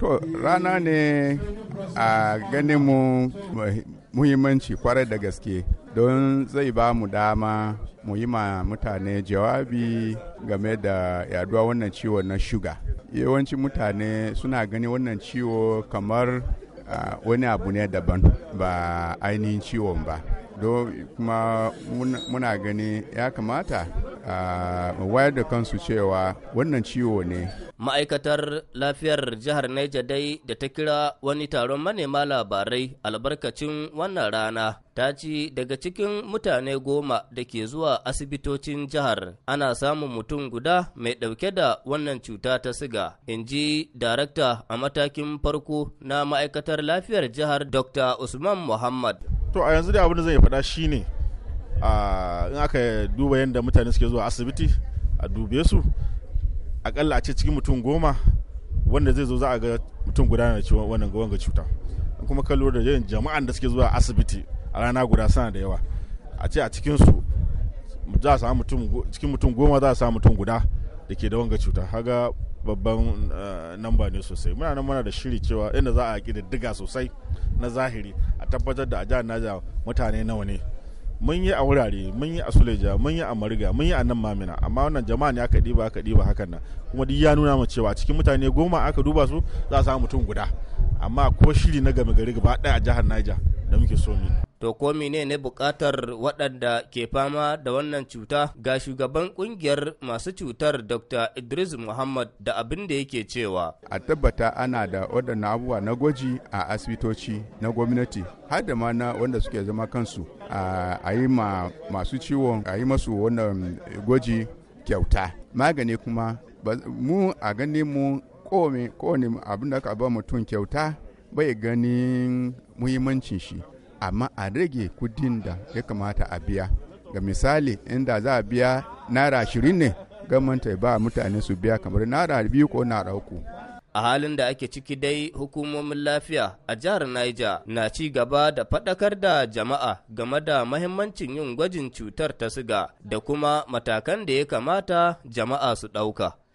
To rana ne a ganin mu muhimmanci kwarai da gaske don zai ba mu dama mu yi ma mutane jawabi game da yaduwa wannan ciwo na shuga. Yawancin mutane suna gani wannan ciwo kamar wani abu ne daban ba ainihin ciwon ba. Don kuma muna gani ya kamata Ah, wayar da kansu cewa wannan ciwo ne. Ma'aikatar lafiyar jihar Niger dai da ta kira wani taron manema labarai albarkacin wannan rana ta ci daga cikin mutane goma da ke zuwa asibitocin jihar ana samun mutum guda mai ɗauke da wannan cuta ta siga, in ji darakta a matakin farko na ma'aikatar lafiyar jihar Dr. Usman Muhammad. To a yanzu da abin da zai faɗa shine in aka duba yadda mutane suke zuwa asibiti a dube su akalla a ce cikin mutum goma wanda zai zo za a ga mutum guda na ciwon wannan ga cuta kuma ka lura da yin jama'an da suke zuwa asibiti a rana guda sana da yawa a ce a cikin su za a samu mutum cikin mutum goma za a samu mutum guda da ke da wanga cuta haga babban eh, namba ne sosai muna nan muna da shiri cewa inda za a kididdiga sosai na zahiri a tabbatar da a jihar Naija mutane nawa ne mun yi a wurare mun yi a suleja mun yi a mariga mun yi a nan mamina amma wannan jama'a ne aka ɗiba aka ɗiba hakan nan kuma duk ya nuna mu cewa cikin mutane goma aka duba su za a samu mutum guda amma ko shiri na gami gari gaba ɗaya a jihar niger da muke so mu To ko ne ne bukatar waɗanda ke fama da wannan cuta ga shugaban ƙungiyar masu cutar Dr. Idris Muhammad da abin da yake cewa. A tabbata ana da waɗannan abubuwa na gwaji a asibitoci na gwamnati har da ma na wanda suke zama kansu a yi ma masu ciwon a yi masu wannan gwaji kyauta. Magani kuma mu a gani mu kowane abin da aka ba mutum kyauta bai ganin muhimmancin shi amma a rage kudin da ya kamata a biya ga misali inda za a biya naira ashirin ne gamanta ba mutane su biya kamar naira biyu ko naira uku a halin da ake ciki dai hukumomin lafiya a jihar Niger na ci gaba da fadakar da jama'a game da mahimmancin yin gwajin cutar ta siga da kuma matakan da ya kamata jama'a su ɗauka.